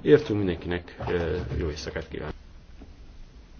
Értünk mindenkinek, eh, jó éjszakát kívánok!